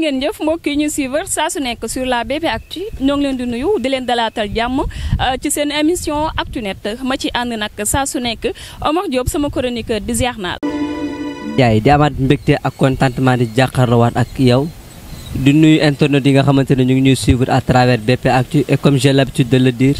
ngeen jëf mbokk yi ñu suivre saa su nekk sur la BP Actu ñoo ngi leen di nuyu di leen dalaatal jàmm euh, ci seen émission Actunet ma ci ànd nag saa su nekk Omar Diop sama chroniqueur di ziar naa yaay di amaat mbégte ak kontantement di waat ak yow di nuyu internet yi nga xamante ne ñu ngi ñuy suivre à travers BP Actu et comme j'ai l'habitude de le dire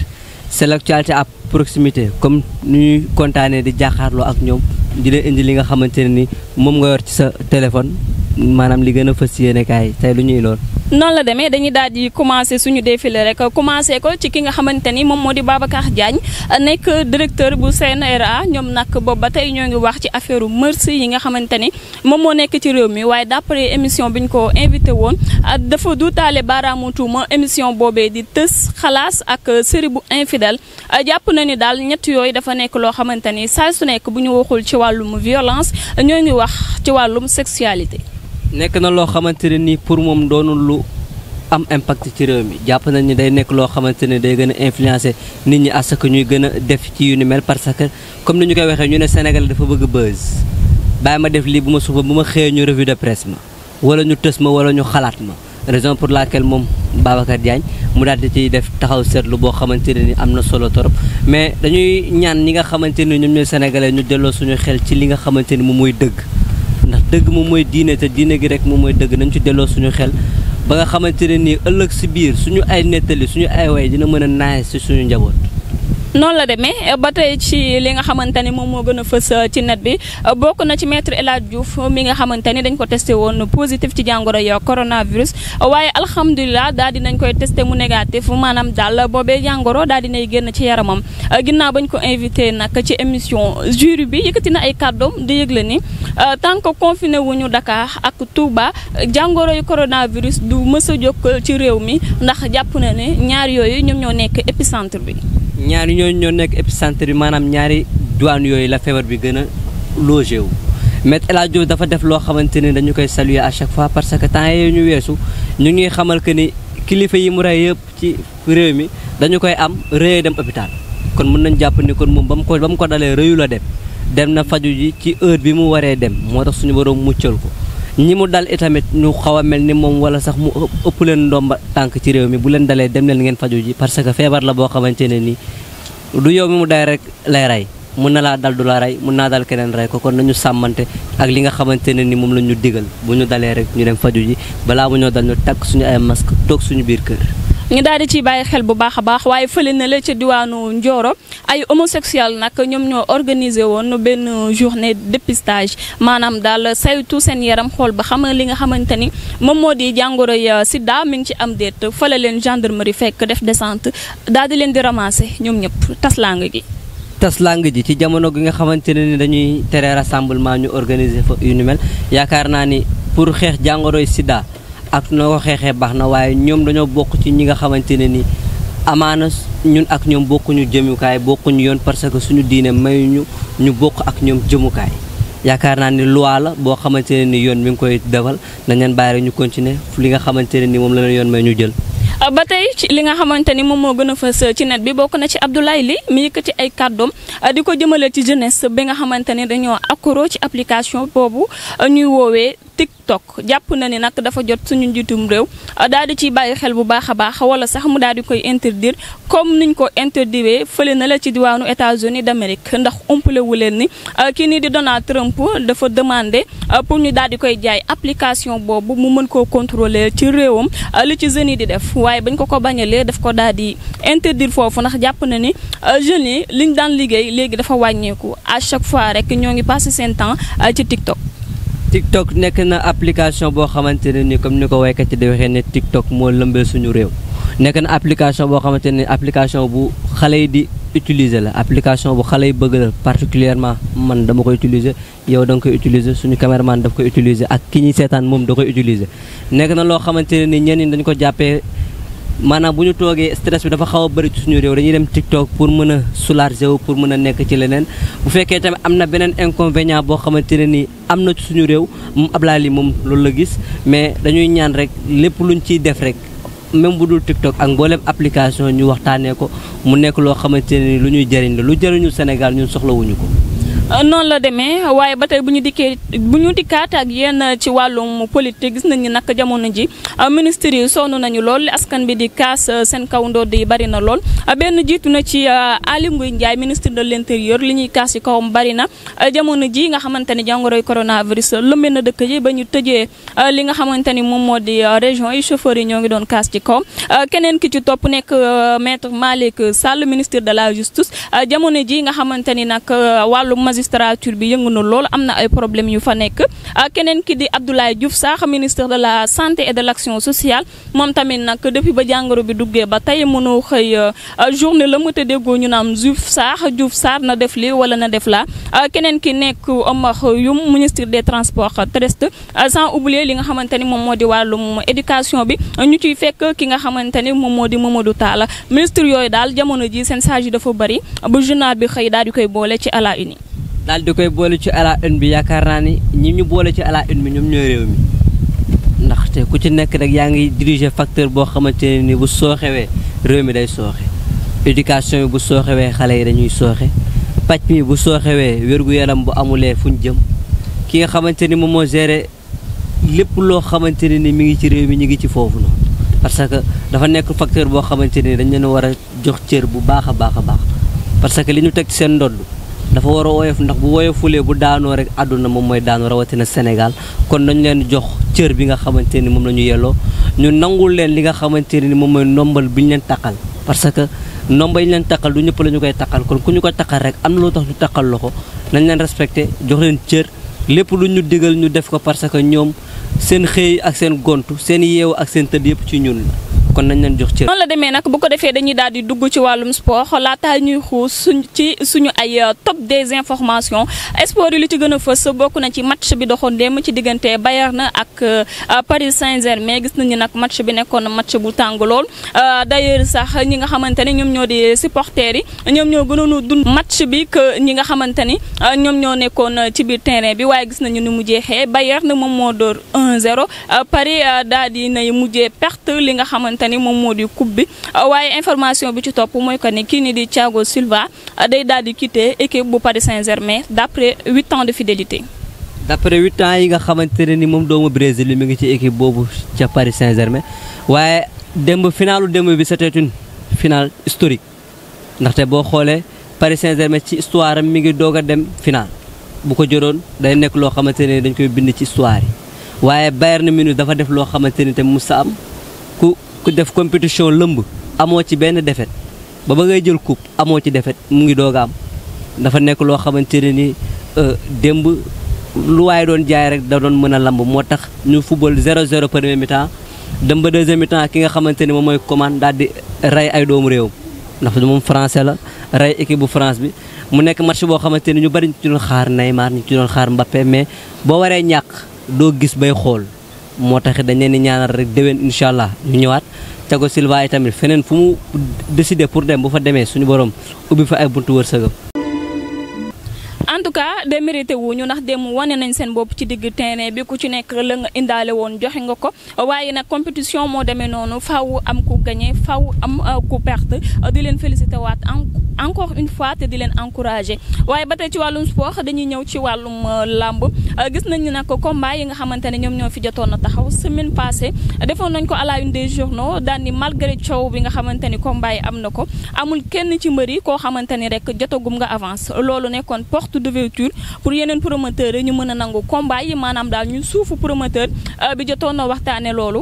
c'est ci ab proximité comme nu ñuy kontaanee di jàkkaarloo ak ñoom di leen indi li nga xamante ne ni moom nga yor ci sa téléphone maanaam li gën a fës yéene kaay tey lu ñuy lool. noonu la demee dañuy daal di commencé suñu défilé rek commencé ko ci ki nga xamante ni moom moo di Babacar Diagne nekk directeur bu CNRA ñoom nag boobu ba tey ñoo ngi wax ci affaire mœurs yi nga xamante ni moom moo nekk ci réew mi waaye d'après émission bi ñu ko invité woon dafa duutaale baaraamu tuuma émission boobee di tës xalaas ak série bu infidèle jàpp na ni daal ñett yooyu dafa nekk loo xamante ni saa su nekk bu ñu waxul ci wàllum violence ñoo ngi wax ci wàllum sexualité. nekk na loo xamante ne nii pour moom doonul lu am impact ci réew mi jàpp nañ ni day nekk loo xamante ne day gën a influencer nit ñi à que ñuy gën a def ci yu ni mel parce que comme ni ñu koy waxee ñu ne Sénégal dafa bëgg buzz bàyyi ma def lii bu ma suba bu ma xëyee ñu revue de presse ma wala ñu tës ma wala ñu xalaat ma raison pour la laquelle moom Babacar Diagne mu daal di ciy def taxaw seetlu boo xamante ne ni am na solo torop mais dañuy ñaan ñi nga xamante ni ñoom ñooy sénégalais ñu delloo suñu xel ci li nga xamante ni moom mooy dëgg. ndax dëgg moom mooy diine te diine gi rek moom mooy dëgg nañ ci delloo suñu xel ba nga xamante ne nii ëllëg si biir suñu ay nettali suñu ay way dina mën a naay si suñu njaboot noonu la demee ba tey ci li nga xamante ni moom moo gën a fës euh, ci net bi euh, bokk na ci maître El Hadj euh, mi nga xamante ni dañ ko testé woon positif ci jàngoro yo coronavirus waaye alhamdulilah daal nañ koy testé mu négatif maanaam daal boobee jàngoro daal dinay génn ci yaramam ginnaaw bañ ko invité nag ci émission jury bi yëkkati na ay kàddoom di yëgle ni tant que confiné wuñu dakaar ak Touba jàngoro yi coronavirus du mës a jóg ci réew mi ndax jàpp na ne ñaar yooyu ñoom ñoo nekk épicentre bi ñaar ñooñu ñoo nekk épicentre bi maanaam ñaari douane yooyu la feebar bi gën a logé wu. Maître El Hadj dafa def loo xamante ni dañu koy saluer à chaque fois parce que temps yii ñu weesu ñu ngi xamal que ni kilifa yi mu rey yëpp ci réew mi dañu koy am rëyee dem hôpital. kon mën nañ jàpp ni kon moom ba mu ko ba mu ko dalee rëyu dem dem na faju ji ci heure bi mu waree dem moo tax suñu borom muccal ko. ñi mu dal itamit ñu xaw a mel ni moom wala sax mu ëpp leen ndomba tànk ci réew mi bu leen dalee dem leen ngeen faju ji parce que feebar la boo xamante ne nii du yow mi mu day rek lay rey mën na laa dal du la rey mun naa dal keneen rey ko kon nañu sàmmante ak li nga xamante ne nii moom la ñu digal bu ñu dalee rek ñu dem faju ji balaa mu ñoo dal ñu takk suñu ay masque toog suñu biir kër ñu daal di ciy bàyyi xel bu baax a baax waaye fële na la ca diwaanu Ndioro ay homosexuel nag ñoom ñoo organisé woon benn journée dépistage maanaam daal saytu seen yaram xool ba xam li nga xamante ni moom moo di jàngoro ya euh, sida mi ngi ci am déet fële leen gendarmerie fekk def descente daal di leen di ramasser ñoom ñëpp tas lang gi. tas lang ji ci jamono gi nga xamante ne ni dañuy tere rassemblement ñu organiser fa yu mel yaakaar naa ni pour xeex jàngoroy sida. ak noo ko xeexee baax na waaye ñoom dañoo bokk ci ñi nga xamante ne ni amaana ñun ak ñoom bokkuñu jëmukaay bokkuñu yoon parce que suñu diine mayuñu ñu bokk ak ñoom jëmukaay yaakaar naa ni loi la boo xamante ne ni yoon mi ngi koy defal na leen bàyyi rek ñu continuer li nga xamante ne ni moom la yoon may ñu jël. Euh, ba tey li nga xamante ni moom moo gën a fës euh, ci net bi bokk na ci Abdoulaye li mi yëkkati ay kàddoom euh, di ko jëmale ci jeunesse bi nga xamante ni dañoo accro ci application boobu ñuy woowee TikTok jàpp na ne nag dafa jot suñu njiitum réew ah, daal di ciy bàyyi xel bu baax a baax wala sax mu daal di koy interdire comme niñ ko interdire fële na la ci diwaanu États-Unis d'Amérique ndax umpale wu leen ni ah, kii di Donald Trump dafa demandé ah, pour ñu daal di koy jaay application boobu mu mën koo contrôler ci réewam li ci jeunes yi di def waaye bañ ko ko bañalee daf ko daal di interdire foofu ndax jàpp na ni jeunes yi liñ daan liggéey léegi dafa wàññeeku à chaque fois rek ñoo ngi passé seen temps ci TikTok. TikTok nekk na application boo xamante ne ni comme ni ko waykat yi di waxee ne TikTok moo lëmbee suñu réew nekk na application boo xamante ne application bu xale yi di utiliser la application bu xale yi bëgg la particulièrement man dama ko utiliser yow da nga koy suñu caméraman daf ko utiliser ak ki ñuy seetaan moom da ko utiliser nekk na loo xamante ni ñenn ñi dañ ko jàppee. maanaam bu ñu toogee stress bi dafa xaw a bëri ci suñu réew dañuy dem TikTok pour mën a soulager wu pour mën a nekk ci leneen bu fekkee tamit am na beneen inconvénient boo xamante ne nii am na ci suñu réew moom Ablaye li moom loolu la gis mais dañuy ñaan rek lépp luñ ciy def rek même bu dul TikTok ak mboolem application ñu waxtaanee ko mu nekk loo xamante ne nii lu ñuy jëriñ la lu jëriñul Sénégal ñun soxlawuñu ko. Euh, noonu la demee waaye ba tey bu ñu dikkee bu ñu dikkaat ak yenn euh, ci wàllum politique gis nañ ni nag jamono ji euh, ministres yi sonn nañu lool askan bi di kaas seen kaw ndodd yi bari na lool. benn jiitu na ci Aly Ngouille Ndiaye ministre de l' intérieur li ñuy kaas ci kawam bari na jamono ji nga xamante ni jàngoroy coronavirus lëmbee na dëkk yi ba ñu tëjee li nga xamante ni moom moo di région yi chauffeurs yi ñoo ngi doon kaas ci kaw keneen ki ci topp nekk maître Malick Sall ministre de la justice jamono ji nga xamante ni nag wàllum magistrature bi yëngu na lool am na ay problème yu fa nekk ah, keneen ki di Abdoulaye Diouf Sarr ministre de la santé et de l'action nag depuis ba jàngoro bi duggee ba tey mënoo xëy ah, journée la mu déggoo ñu naan Diouf Sarr Diouf Sarr na def lii wala na def laa ah, keneen ki nekk Omar Youm ministre des transports terrestres sans oublier li nga xamante ni moom moo di wàllum éducation bi ñu ciy fekk ki nga xamante ni moom moo di Mamadou la ministre yooyu daal jamono ji seen saage dafa bëri bu journal bi xëy daal di koy boole ci à la daal di koy boole ci à la une bi yaakaar naa ni ñi ñu boole ci à la une bi ñoom ñooy réew mi ndaxte ku ci nekk rek yaa ngi diriger facteur boo xamante ne ni bu sooxewee réew mi day sooxe éducation bi bu sooxewee xale yi dañuy sooxe paj mi bu sooxewee wér-gu-yaram bu amulee fu ñu jëm ki nga xamante ni moom moo géré lépp loo xamante ne ni mi ngi ci réew mi ñu ngi ci foofu noonu parce que dafa nekk facteur boo xamante ni dañ leen war a jox cër bu baax a baax a baax parce que li ñu teg seen ndodd dafa war a woyof ndax bu woyofulee bu daanoo rek àdduna moom mooy daanu rawatina Sénégal kon nañu leen jox cër bi nga xamante ni moom la ñu yelloo ñu nangul leen li nga xamante ni moom mooy ndombal bi ñu leen taqal parce que ndomba yi ñu leen taqal du ñëpp la ñu koy taqal kon ku ñu ko taqal rek am na loo tax ñu taqal la ko nañ leen respecté jox leen cër lépp lu ñu digal ñu def ko parce que ñoom seen xëy ak seen gontu seen yeewu ak seen tëdd yëpp ci ñun la kon nañ leen jox cër. noonu la demee nag bu ko defee dañuy daal di dugg ci wàllum sport laataa ñuy xuus suñ ci suñu ay euh, top des informations sport yi li ci gën a fës bokk na ci match bi doxoon démb ci diggante na ak euh, Paris Saint-Germain gis nañu nag match bi nekkoon match bu tàng lool euh, d'ailleurs sax ñi nga xamante ne ñoom ñoo di supporters yi ñoom ñoo gënoon a dund match bi que ñi nga xamante ni ñoom ñoo nekkoon ci biir terrain bi waaye gis nañu ni mu jeexee Bayern moom moo dóor 1-0 Paris daal di nay xamante ni moo di coupe bi waaye information bi ci mooy que ni kii ni di Thiago Silva day daal di quitter équipe bu Paris Saint-Germain d' yi nga xamante ne ni moom doomu Brésil mi ngi ci équipe boobu ca Paris Saint-Germain waaye démb finalu démb bi c' était une finale historique ndaxte boo xoolee Paris Saint-Germain ci histoire am mi ngi doog a dem final bu ko jëloon day nekk loo xamante ne dañ koy bind ci histoire yi waaye Bayern Munich dafa def loo xamante ni te mu sa am ku ku def compétition lëmb amoo ci benn defet ba ba ngay jël coupe amoo ci defet mu ngi doog a dafa nekk loo xamante ne ni euh, demb lu waaye doon jaay rek da doon mën a lamb moo tax ñu football 0-0 premier mi-temps dem ba deuxième mi ki nga xamante ni moom mooy commande daal di rey ay doomu réewam ndax moom français la rey équipe bu France bi mu nekk match boo xamante ni ñu bari ñu ci doon xaar Neymar ñu ci doon xaar Mbappé mais boo waree ñàkk doo gis bay xool. moo tax dañ leen di ñaanal rek déwén incha allah ñu ñëwaat Thiago Silva tamit feneen fu mu décidé pour dem bu fa demee suñu borom ubbi fa ay buntu wërsëgam. en tout cas de mérité wuñu ndax dem wane nañ seen bopp ci digg terrain bi ku ci nekk la nga indaale woon joxe nga ko waaye nag compétition moo demee noonu faw am ku gagné faw am euh, ku perte di leen félicité waat en encore une fois te di leen encouragé waaye ba tey ci wàllum sport dañuy ñëw ci wàllum euh, làmb euh, gis nañu nag combat yi nga xamante ne ñoom ñoo fi jotoon na taxaw semaine passée defoon nañ ko à la une des journaux daal ni malgré coow bi nga xamante ni combat yi am na ko amul kenn ci mbër yi koo xamante ni rek jotagum nga avance loolu nekkoon porte d'ouverture pour yeneen promoteurs yi ñu mën a nangu combat yi maanaam daal ñu suufu promoteur euh, bi jotoon na waxtaane loolu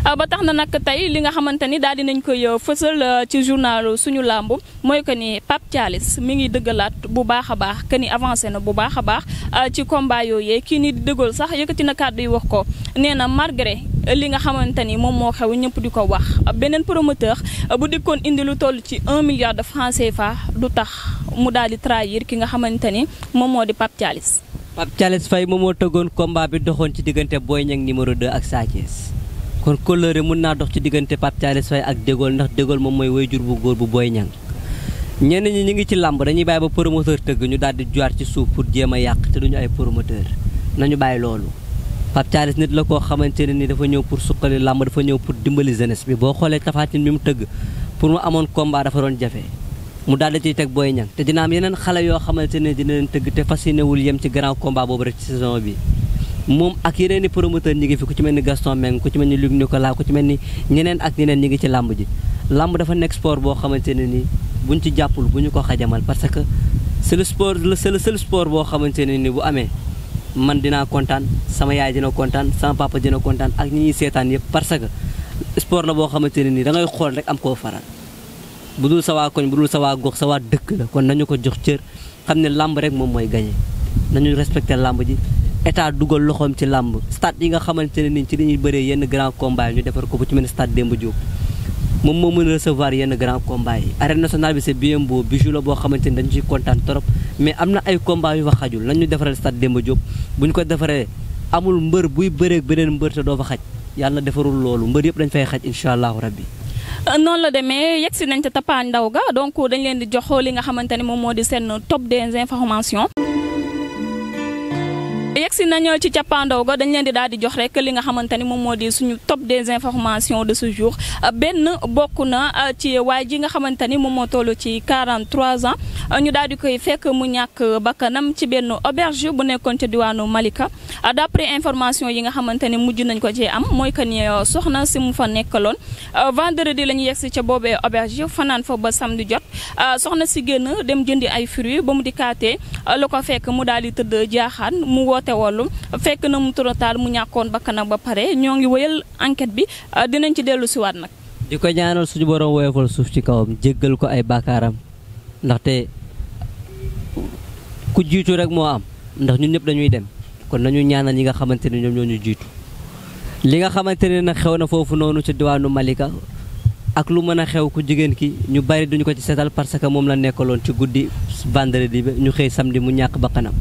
Euh, ba tax na nag tey li nga xamante ni daal dinañ koy euh, fësal euh, ci journal suñu làmb mooy que ni Pape Thialis mi ngi dëggalaat bu baax a baax que ni avancé na bu baax a baax ci combat yooyee kii nii di dëggal sax yëkkati na kàddu yi wax ko nee na malgré li nga xamante ni moom moo xew ñëpp di ko wax beneen promoteur bu dikkoon indi lu toll ci un milliard de francs CFA du tax mu daal di trahir ki nga xamante ni moom moo di Pape Thialis. Pape Thialis Faye moom moo tëggoon combat bi doxoon ci diggante Boy Niang numéro 2 ak Sa kon kóllëre mën naa dox ci diggante Pape Thialis Faye ak Dégol ndax Dégol moom mooy wayjur bu góor bu Boy Niang ñenn ñi ñu ngi ci làmb dañuy baay ba promoteur tëgg ñu daal di juwaat ci suuf pour jéem a yàq te duñu ay promoteur nañu bàyyi loolu Pape Thialis nit la koo xamante ne ni dafa ñëw pour suqali làmb dafa ñëw pour dimbali jeunesse bi boo xoolee tafaatin bi mu tëgg pour mu amoon combat dafa doon jafe mu daal di ciy teg booy Niang te dina am yeneen xale yoo xamante ne dina leen tëgg te fas yéenewul yem ci grand combat boobu rek ci saison bi moom ak yeneen i promoteur ñi ngi fi ku ci mel ni Gaston Meng ku ci mel ni Luc Nicolas ku ci mel ni ñeneen ak ñeneen ñi ngi ci làmb ji làmb dafa nekk sport boo xamante ne nii buñ ci jàppul bu ñu ko xajamal parce que c'est le sport c'est le boo xamante ne bu amee man dinaa kontaan sama yaay dina kontaan sama papa dina kontaan ak ñi ñuy seetaan yëpp parce que sport la boo xamante ne nii da ngay xool rek am koo faral bu dul sa koñ bu dul sa waa gox sa dëkk la kon nañu ko jox cër xam ne làmb rek moom mooy gagné nañu respecté làmb ji état dugal loxoom ci làmb stade yi nga xamante ne ni ci dañuy bëree yenn grand combat yi ñu defar ko bu ci mel ni stade Demba Diop moom moo mën a recevoir yenn grand combat yi arène nationale bi c'est bien beau bijou la boo xamante ni dañu ciy kontaan trop mais am na ay combat yu fa xajul lañ ñu defaral stade Demba Diop bu ko defaree amul mbër buy bëreeg beneen mbër te doo fa xaj yàlla defarul loolu mbër yëpp dañ fay xaj incha allahu rabbi euh, noonu la demee yegg si nañ ca tappaandaw ga dañ leen di jox li nga xamante ne moom moo di seen top des informations yegsi nañoo ci cappaandaw ga dañ leen di daal di jox rek li nga xamante ni moom moo di suñu top des informations de ce jour benn bokk na euh, ci waay ji nga xamante ni moom moo toll ci 43 ans ñu daal di koy fekk mu ñàkk bakkanam ci benn auberge bu nekkoon ca diwaanu Malika d'après information yi nga xamante ni mujj nañ ko ci am mooy que ni euh, soxna si mu fa nekkaloon euh, vendredi la ñu yegsi ca boobee auberge fanaan fa ba samedi jot soxna si génn dem jëndi ay fruits ba mu dikkaatee la ko fekk mu daal di tëdd jaaxaan mu woote arrêté woon fekk na mu trop tard mu ñàkkoon bakkanam ba pare ñoo ngi wëyal enquête bi euh, dinañ ci dellu siwaat nag. di ko ñaanal suñu borom woyofal suuf ci kawam jéggal ko ay baakaaram ndaxte ku jiitu rek moo am ndax ñun ñëpp dañuy dem kon nañu ñaanal ñi nga xamante ne ñoom ñoo ñu jiitu. li nga xamante ne nag xew na foofu noonu ci diwaanu Malika ak lu mën a xew ku jigéen ki ñu bari duñu ko ci seetal parce que moom la nekkaloon ci guddi vendredi bi ñu xëy samedi mu ñàkk bakkanam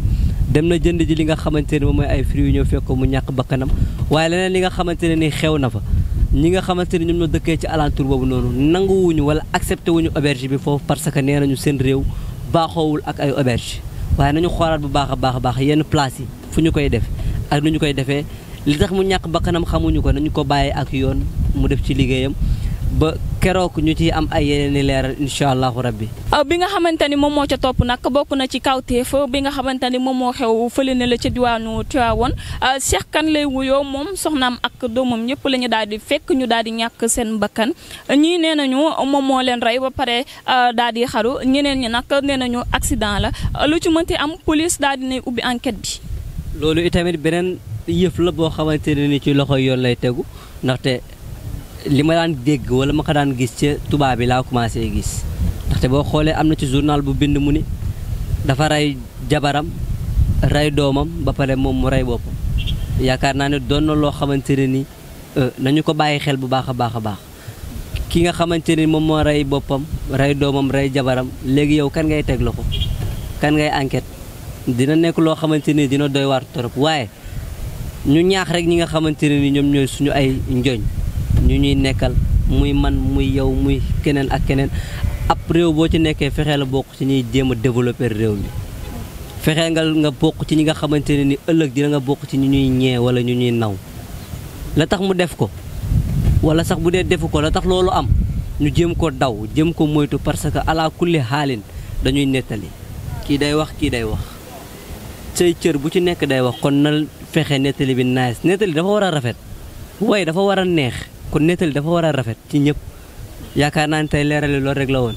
dem na jënd ji li nga xamante ne moom mooy ay fruits yu ñëw fekk mu ñàkk bakkanam waaye leneen li nga xamante ne ni xew na fa ñi nga xamante ne ñoom ñoo dëkkee ci alentour boobu noonu nanguwuñu wala accepté wuñu auberge bi foofu parce que nee nañu seen réew baaxoowul ak ay auberge waaye nañu xoolaat bu baax baax a baax yenn place yi fu ñu koy def ak nu ñu koy defee li tax mu ñàkk bakkanam xamuñu ko nañu ko bàyyee ak yoon mu def ci liggéeyam ba keroog ñu ci am ay yeneen i leeral incha allahu rabbi. Ah, bi nga xamante ni moom moo ca topp nag bokk na ci kaw kawteef bi nga xamante ni moom moo xew fële na la ca diwaanu Tiwaawoon ah, Cheikh Kane lay wuyoo moom soxnaam ak doomam ñëpp la ñu daal di fekk ñu daal di ñàkk seen mbakkan ñii nee nañu moom moo leen rey ba pare ah, daal di xaru ñeneen ñi nag nee nañu accident la lu ci mënti am police daal di nay ubbi enquête bi. loolu itamit beneen yëf la boo xamante ni ci loxo yoon lay tegu li ma daan dégg wala ma ko daan gis ci tubaab bi laa commencé gis ndaxte boo xoolee am na ci journal bu bind mu ni dafa ray jabaram rey doomam ba pare moom mu rey boppam yaakaar naa ne doon na loo xamante ne ni euh, nañu ko bàyyi xel bu baax a baax a baax ki nga xamante ni moom moo ray boppam rey doomam rey jabaram léegi yow kan ngay teg loxo kan ngay enquête dina nekk loo xamante ni dina doy waar torop waaye ñu ñaax rek ñi nga xamante ne ni ñoom ñoo suñu ay njoñ ñu ñuy nekkal muy man muy yow muy keneen ak keneen ab réew boo ci nekkee fexee la bokk ci ñuy jéem a développer réew mi fexee nga nga bokk ci ñi nga xamante ne ni ëllëg dina nga bokk ci ñu ñuy ñee wala ñu ñuy naw la tax mu def ko wala sax bu dee defu ko la tax loolu am ñu jëm ko daw jëm ko moytu parce que ala kulli dañuy nettali kii day wax kii day wax say cër bu ci nekk day wax kon na fexe nettali bi nice nettali dafa war a rafet waaye dafa war a neex kon nettali dafa war a rafet ci ñëpp yaakaar naa ne tey leerale loolu rek la woon.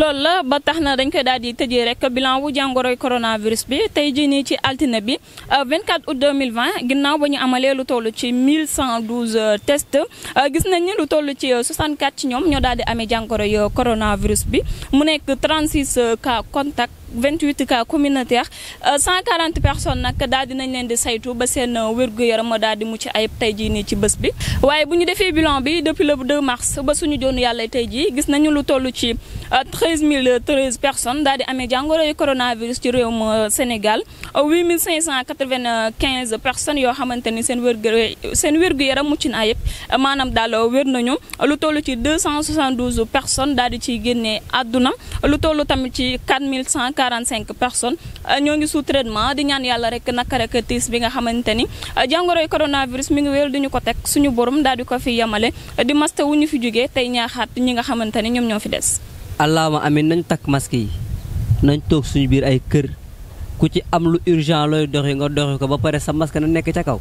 loolu la ba tax na dañ koy daal di tëjee rek bilan wu jàngoroy coronavirus bi tey jii nii ci altine bi 24 euh, août 2020 ginnaaw ba ñu amalee lu tollu ci 1112 euh, test euh, gis nañ ni lu toll ci 64 ci ñoom ñoo daal di amee jàngoroy coronavirus bi mu nekk 36 cas contact. 28 cas communautaires 140 euh, personnes nag daal dinañ leen di saytu ba seen euh, wér-gu-yaram daal di mucc ayib tey jii nii ci bés bi waaye bu ñu defee bilan bi depuis le 2 mars ba suñu joonu yàlla tey jii gis nañu lu toll ci 13013 euh, personnes daal di amee jàngoro yu coronavirus ci réew réewum Sénégal 8595 personnes yoo xamante ni seen wérgu seen wér-gu-yaram mucc naa ayib maanaam daal wér nañu lu toll ci 272 personnes daal di ciy génnee àdduna lu toll tamit ci 4100 45 personnes euh, ñoo ngi sous traitement di ñaan yàlla rek naka rek tiis bi nga xamante ni euh, jàngoroy coronavirus mi ngi wéeru di ñu ko teg suñu borom daal di ko fi yemale euh, di maste wu ñu fi jógee tey ñaaxaat ñi nga xamante ni ñoom ñoo fi des. allahuma amin nañu takk masque yi nañ toog suñu biir ay kër ku ci am lu urgent looy doxi nga doxi ko ba pare sa masque na nekk ca kaw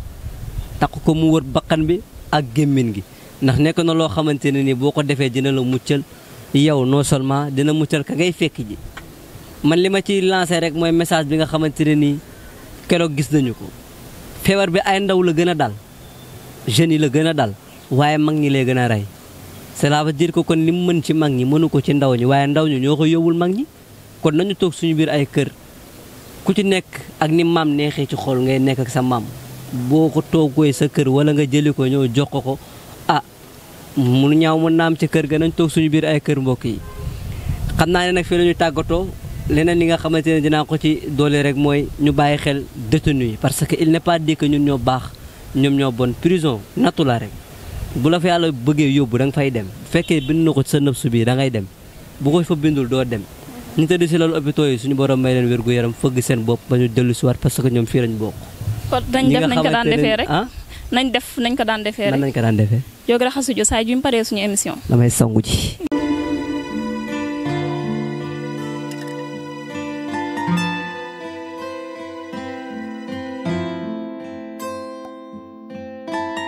takk ko mu wër bakkan bi ak gémmiñ gi ndax nekk na loo xamante ne ni boo ko defee dina la muccal yow non seulement dina muccal ka ngay fekk ji. man li ma ci lancé rek mooy message bi nga xamante ne nii keroog gis nañu ko feebar bi ay ndaw la gën a dal jeunes yi la gën a dal waaye mag ñi lay gën a rey cela veut dire ko kon li mu mën ci mag ñi mënu ko ci ndaw ñi waaye ndaw ñi ñoo ko yóbbul mag ñi kon nañu toog suñu biir ay kër ku ci nekk ak ni maam neexee ci xol ngay nekk ak sa maam boo ko toogee sa kër wala nga jëli ko ñëw jox ko ko ah mu ñaaw mu naam ci kër ga nañ toog suñu biir ay kër mbokk yi xam naa ne tàggatoo leneen li nga xamante ne dinaa ko ci doole rek mooy ñu bàyyi xel détenu yi parce que il n'est pas dit ñun ñoo baax ñoom ñoo bon prison nattu la rek bu la fa yàlla bëggee yóbbu da nga fay dem bu fekkee bind na ko ci sa nëbsu bii da ngay dem bu ko fa bindul doo dem ñu tëdd si loolu hôpitaux yi suñu borom may leen wérgu yaram fëgg seen bopp ba ñu dellu si waat parce que ñoom fii lañ bokk. kon ah? nañ def nañ ko daan defee rek nañ def nañ ko daan defee rek. nañ ko daan defee. yow de xasujo saa yu ñu paree suñu émission. damay sangu